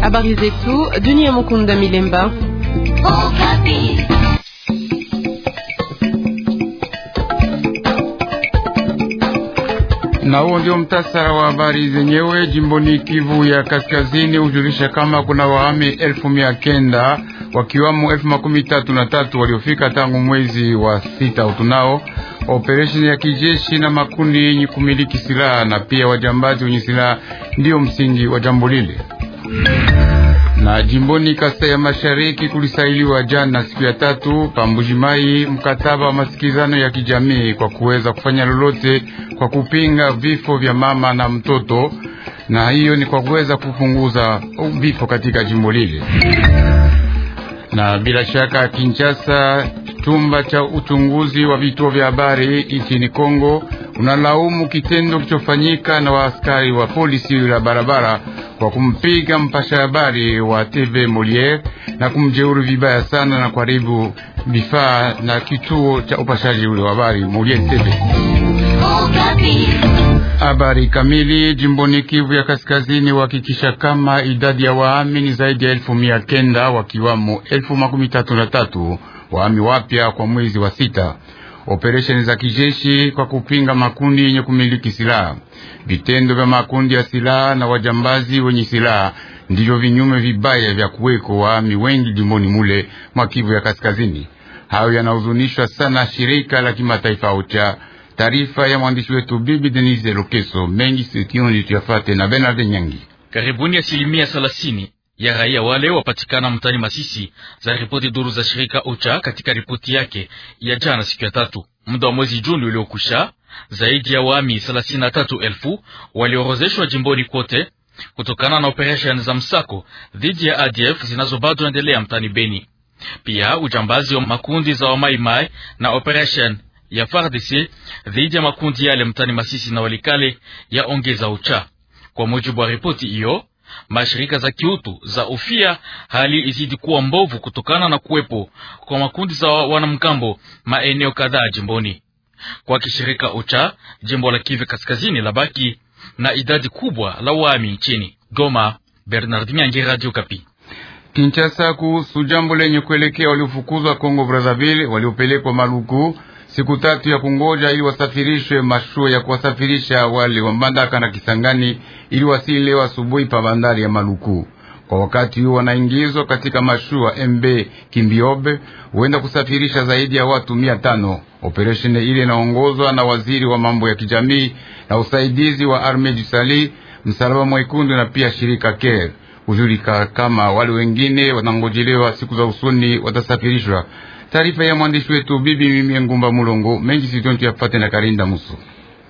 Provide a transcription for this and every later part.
Habari zetu Dunia Mukunda Milemba. Na huo ndio mtasara wa habari zenyewe. Jimboni Kivu ya Kaskazini hujulisha kama kuna wahami elfu mia kenda wakiwamo elfu makumi tatu na tatu waliofika tangu mwezi wa sita utunao operesheni ya kijeshi na makundi yenye kumiliki silaha na pia wajambazi wenye silaha ndiyo msingi wa jambo lile. Na jimboni Kasai ya Mashariki kulisailiwa jana siku ya tatu Pambujimai mkataba wa masikilizano ya kijamii kwa kuweza kufanya lolote kwa kupinga vifo vya mama na mtoto, na hiyo ni kwa kuweza kupunguza vifo katika jimbo lile na bila shaka Kinshasa. Chumba cha uchunguzi wa vituo vya habari nchini Kongo unalaumu kitendo kilichofanyika na waaskari wa polisi la barabara kwa kumpiga mpasha habari wa TV Moliere na kumjeuri vibaya sana na kuharibu vifaa na kituo cha upashaji ule wa habari Moliere TV. Habari kamili. Jimboni Kivu ya Kaskazini wahakikisha kama idadi ya waami ni zaidi ya elfu mia kenda wakiwamo elfu makumi tatu na tatu waami wapya kwa mwezi wa sita. Operesheni za kijeshi kwa kupinga makundi yenye kumiliki silaha, vitendo vya makundi ya silaha na wajambazi wenye silaha ndivyo vinyume vibaya vya kuweko waami wengi jimboni mule mwa Kivu ya Kaskazini. Hayo yanahuzunishwa sana shirika la kimataifa OCHA Taarifa ya mwandishi wetu Bibi Denise Lokeso mengi sikioni tuyafate na Bernard Nyangi. Karibuni asilimia thelathini ya raia wale wapatikana mtani Masisi, za ripoti duru za shirika OCHA katika ripoti yake ya jana siku ya tatu muda wa mwezi Juni uliokusha, zaidi ya wami thelathini na tatu elfu waliorozeshwa jimboni kote kutokana na operesheni za msako dhidi ya ADF zinazo bado endelea mtani Beni, pia ujambazi wa makundi za wamaimai na operesheni ya FARDC dhidi ya makundi yale mtani Masisi na Walikale ya ongeza ucha. Kwa mujibu wa ripoti hiyo, mashirika za kiutu za ufia hali izidi kuwa mbovu kutokana na kuwepo kwa makundi za wanamgambo maeneo kadhaa jimboni. Kwa kishirika ucha, jimbo la Kivu Kaskazini labaki na idadi kubwa la wami nchini. Goma, Bernard Nyange, Radio Kapi. Kinshasa, kuhusu jambo lenye kuelekea waliofukuzwa Kongo Brazzaville waliopelekwa Maluku siku tatu ya kungoja ili wasafirishwe mashua ya kuwasafirisha wale wa Mbandaka na Kisangani ili wasili leo asubuhi pa bandari ya Maluku. Kwa wakati huo wanaingizwa katika mashua MB Kimbiobe huenda kusafirisha zaidi ya watu mia tano. Operesheni ile inaongozwa na waziri wa mambo ya kijamii na usaidizi wa Arme Jisali, Msalaba Mwekundu na pia shirika Care. Hujulika kama wale wengine wanangojelewa siku za usoni watasafirishwa Taarifa ya mwandishi wetu Bibi Mimi Ngumba Mulongo mengi sitontu yapate na Karinda Muso.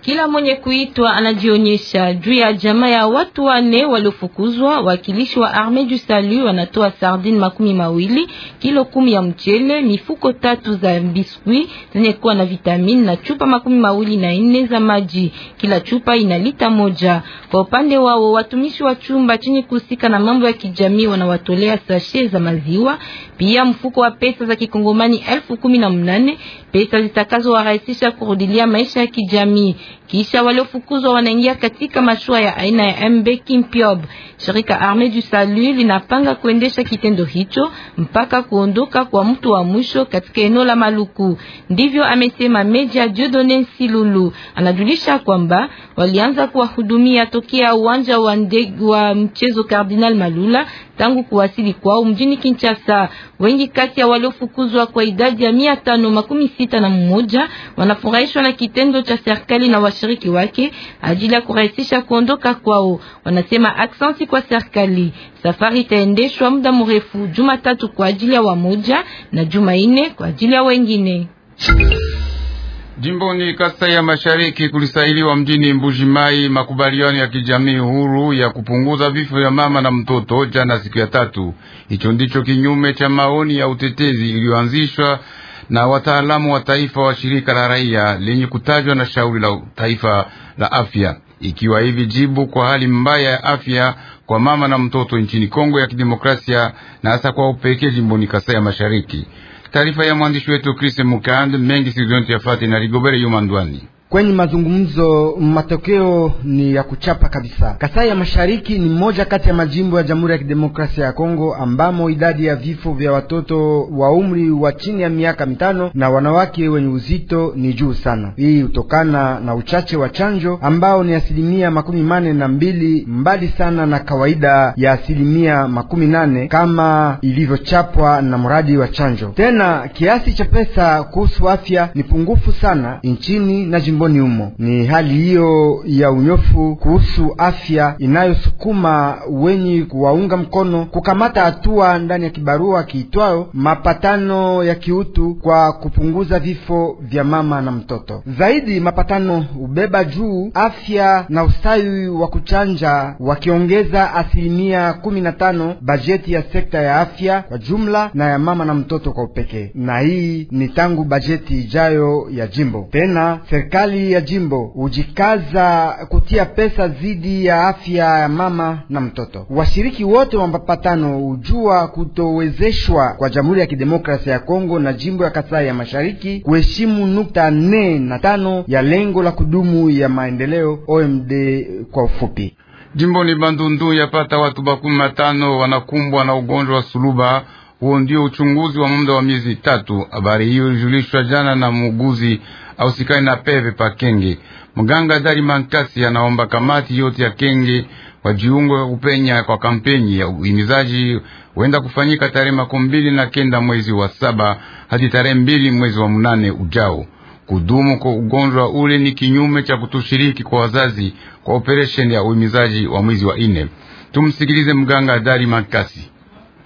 Kila mwenye kuitwa anajionyesha juu ya jamaa ya watu wane waliofukuzwa. Wakilishi wa Arme du Salut wanatoa sardine makumi mawili, kilo kumi ya mchele, mifuko tatu za biskuti zenye kuwa na vitamini na chupa makumi mawili na nne za maji. Kila chupa ina lita moja. Kwa upande wao, watumishi wa chumba chenye kuhusika na mambo ya kijamii wanawatolea sashe za maziwa, pia mfuko wa pesa za kikongomani elfu kumi na mnane, pesa zitakazowarahisisha kurudilia maisha ya kijamii. Kisha waliofukuzwa wanaingia katika mashua ya aina ya MB Kimpiob. Shirika Arme du Salut linapanga kuendesha kitendo hicho mpaka kuondoka kwa mtu wa mwisho katika eneo la Maluku. Ndivyo amesema Meja Jodone Silulu. Anajulisha kwamba walianza kuwahudumia tokea uwanja wa ndege wa mchezo Cardinal Malula tangu kuwasili kwao mjini Kinshasa. Wengi kati ya waliofukuzwa kwa idadi ya mia tano makumi sita na mmoja wanafurahishwa na kitendo cha serikali na na washiriki wake ajili ya kurahisisha kuondoka kwao. Wanasema aksansi kwa serikali. Safari itaendeshwa muda mrefu, Jumatatu kwa ajili ya wamoja na Jumanne kwa ajili ya wengine. Jimboni Kasai ya Mashariki kulisailiwa mjini Mbujimai makubaliano ya kijamii huru ya kupunguza vifo vya mama na mtoto jana siku ya tatu. Hicho ndicho kinyume cha maoni ya utetezi iliyoanzishwa na wataalamu wa taifa wa shirika la raia lenye kutajwa na shauri la taifa la afya, ikiwa hivi jibu kwa hali mbaya ya afya kwa mama na mtoto nchini Kongo ya Kidemokrasia na hasa kwa upekee jimboni Kasai ya Mashariki. Taarifa ya mwandishi wetu Chris Mukand mengi sizonti yafati na Rigobere Yumandwani kwenye mazungumzo, matokeo ni ya kuchapa kabisa. Kasai ya Mashariki ni moja kati ya majimbo ya Jamhuri ya Kidemokrasia ya Kongo ambamo idadi ya vifo vya watoto wa umri wa chini ya miaka mitano na wanawake wenye uzito ni juu sana. Hii hutokana na uchache wa chanjo ambao ni asilimia makumi mane na mbili, mbali sana na kawaida ya asilimia makumi nane kama ilivyochapwa na mradi wa chanjo. Tena kiasi cha pesa kuhusu afya ni pungufu sana nchini na jimboni humo. Ni hali hiyo ya unyofu kuhusu afya inayosukuma wenye kuwaunga mkono kukamata hatua ndani ya kibarua kiitwayo mapatano ya kiutu kwa kupunguza vifo vya mama na mtoto. Zaidi mapatano ubeba juu afya na ustawi wa kuchanja, wakiongeza asilimia kumi na tano bajeti ya sekta ya afya kwa jumla na ya mama na mtoto kwa upekee, na hii ni tangu bajeti ijayo ya jimbo tena serikali serikali ya jimbo hujikaza kutia pesa zidi ya afya ya mama na mtoto. Washiriki wote wa mapatano hujua kutowezeshwa kwa Jamhuri ya Kidemokrasia ya Kongo na jimbo ya Kasai ya Mashariki kuheshimu nukta nne na tano ya lengo la kudumu ya maendeleo OMD kwa ufupi. ni Bandundu yapata watu makumi matano wanakumbwa na ugonjwa wa suluba. Huo ndio uchunguzi wa muda wa miezi tatu. Habari hiyo ilijulishwa jana na muuguzi ausikani na peve pa Kenge. Mganga dari mankasi anaomba kamati yote ya Kenge wajiunge upenya kwa kampeni ya uhimizaji huenda kufanyika tarehe makumi mbili na kenda mwezi wa saba hadi tarehe mbili mwezi wa mnane ujao. Kudumu kwa ugonjwa ule ni kinyume cha kutushiriki kwa wazazi kwa operesheni ya uhimizaji wa mwezi wa ine. Tumsikilize mganga dari Makasi.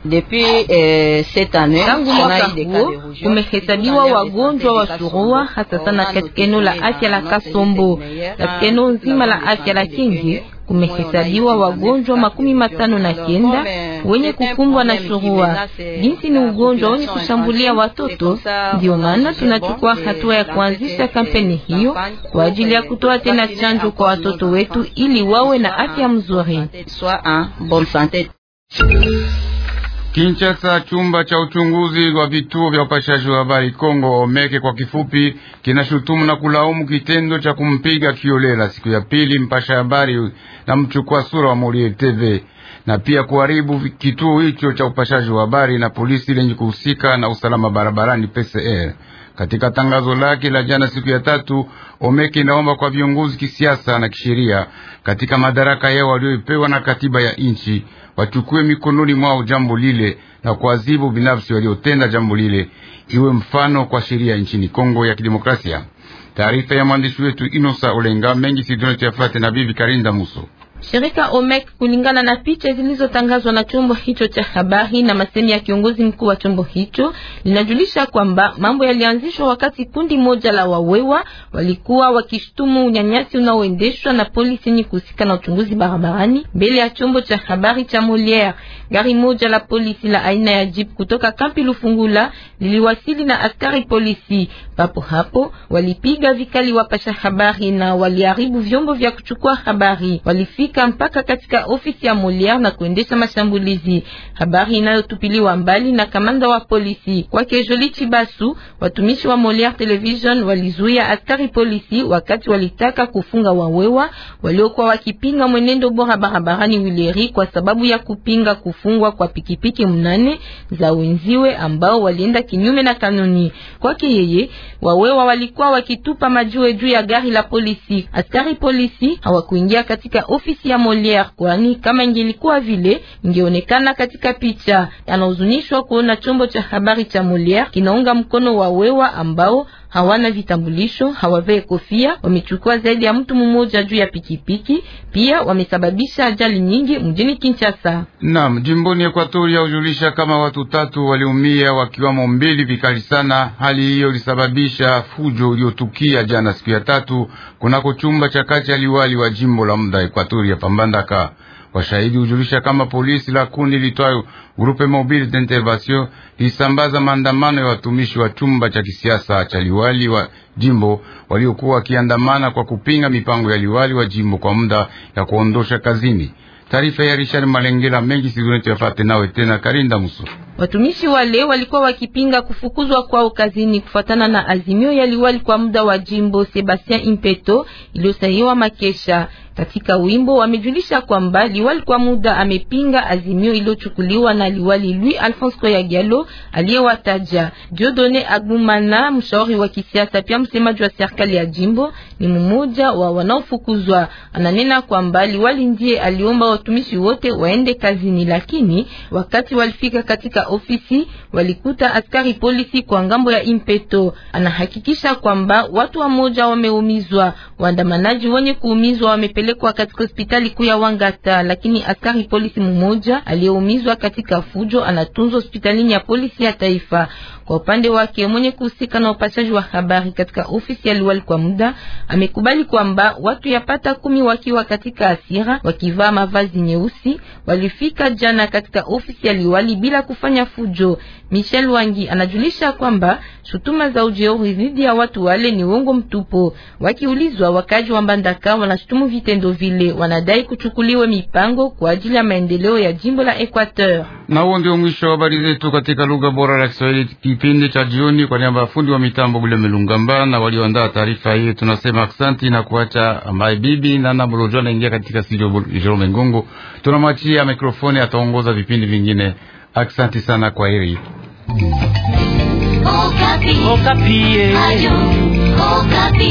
Depuis, eh, cette année, tangu mwaka huo kumehesabiwa wagonjwa wa surua hasa sana katika eneo la afya la Kasombo, katika eneo nzima la afya la Kenge kumehesabiwa wagonjwa makumi matano na kenda euh, wenye kukumbwa na surua. Jinsi ni ugonjwa wenye kushambulia watoto, ndio maana tunachukua hatua ya kuanzisha kampeni hiyo kwa ajili ya kutoa tena chanjo kwa watoto wetu ili wawe na afya mzuri kinchasa chumba cha uchunguzi wa vituo vya upashaji wa habari Kongo Omeke kwa kifupi, kinashutumu na kulaumu kitendo cha kumpiga kiolela siku ya pili mpasha habari na mchukua sura wa Morier TV na pia kuharibu kituo hicho cha upashaji wa habari na polisi lenye kuhusika na usalama barabarani PCR. Katika tangazo lake la jana siku ya tatu, Omeke inaomba kwa viongozi kisiasa na kisheria katika madaraka yao walioipewa na katiba ya nchi wachukue mikononi mwao jambo lile na kuadhibu binafsi waliotenda jambo lile, iwe mfano kwa sheria nchini Kongo ya Kidemokrasia. Taarifa ya mwandishi wetu Inosa Olenga mengi sidonete na bibi Karinda Muso. Shirika OMEC kulingana na picha zilizotangazwa na chombo hicho cha habari na masemi ya kiongozi mkuu wa chombo hicho linajulisha kwamba mambo yalianzishwa wakati kundi moja la wawewa walikuwa wakishtumu unyanyasi unaoendeshwa na polisi yenye kuhusika na uchunguzi barabarani. Mbele ya chombo cha habari cha Moliere, gari moja la polisi la aina ya jeep kutoka kampi Lufungula liliwasili na askari polisi. Papo hapo walipiga vikali wapasha habari na waliharibu vyombo vya kuchukua habari. Walifika kufika mpaka katika ofisi ya Molière na kuendesha mashambulizi, habari inayotupiliwa mbali na kamanda wa polisi. Kwake Jolie Chibasu, watumishi wa Molière Television walizuia askari polisi wakati walitaka kufunga wawewa waliokuwa wakipinga mwenendo bora barabarani Wileri kwa sababu ya kupinga kufungwa kwa pikipiki mnane za wenziwe ambao walienda kinyume na kanuni. Kwake yeye, wawewa walikuwa wakitupa majiwe juu ya gari la polisi. Askari polisi hawakuingia katika ofisi ya Molière, kwani kama ingelikuwa vile ingeonekana katika picha. Yanahuzunishwa kuona chombo cha habari cha Molière kinaunga mkono wa wewa ambao hawana vitambulisho, hawavee kofia, wamechukua zaidi ya mtu mmoja juu ya pikipiki, pia wamesababisha ajali nyingi mjini Kinshasa. Naam, jimboni Ekwatoria hujulisha kama watu tatu waliumia wakiwamo mbili vikali sana. Hali hiyo ilisababisha fujo uliotukia jana siku ya tatu kunako chumba cha kati aliwali wa jimbo la muda Ekwatoria Pambandaka. Washahidi hujulisha kama polisi la kundi litwayo Groupe Mobile d'Intervention lisambaza maandamano ya watumishi wa chumba cha kisiasa cha liwali wa jimbo waliokuwa wakiandamana kwa kupinga mipango ya liwali wa jimbo kwa muda ya kuondosha kazini. Taarifa ya Richard Malengela mengi sidunete yafate nawe tena Karinda Musu. Watumishi wale walikuwa wakipinga kufukuzwa kwao kazini kufuatana na azimio ya liwali kwa muda wa jimbo Sebastian Impeto iliyosahiwa Makesha. Katika wimbo wamejulisha kwamba liwali kwa muda amepinga azimio iliyochukuliwa na liwali Louis Alphonse Koya Diallo aliyewataja. Diodone Agumana, mshauri wa kisiasa pia msemaji wa serikali ya jimbo, ni mmoja wa wanaofukuzwa. Ananena kwamba liwali ndiye aliomba watumishi wote waende kazini, lakini wakati walifika katika ofisi walikuta askari polisi kwa ngambo ya Impeto. Anahakikisha kwamba watu wamoja wameumizwa, waandamanaji wenye kuumizwa wamepe kupelekwa katika hospitali kuu ya Wangata, lakini askari polisi mmoja aliyeumizwa katika fujo anatunzwa hospitalini ya polisi ya taifa. Kwa upande wake mwenye kuhusika na upashaji wa habari katika ofisi ya liwali kwa muda amekubali kwamba watu yapata kumi wakiwa katika asira wakivaa mavazi nyeusi walifika jana katika ofisi ya liwali bila kufanya fujo. Michel Wangi anajulisha kwamba shutuma za ujeuri dhidi ya watu wale ni uongo mtupu. Wakiulizwa, wakaji wa Mbandaka wanashutumu vite vitendo vile. Wanadai kuchukuliwa mipango kwa ajili ya maendeleo ya jimbo la Equateur. Na huo ndio mwisho wa habari zetu katika lugha bora la Kiswahili kipindi cha jioni. Kwa niaba ya fundi wa mitambo Bule Melungamba na walioandaa taarifa hii, tunasema asante na kuacha ambaye bibi na Bolojwa anaingia katika studio Jerome Ngongo, tunamwachia mikrofoni, ataongoza vipindi vingine. Asante sana, kwa heri. Okapi. Okapi. Eh. Ayo, Okapi.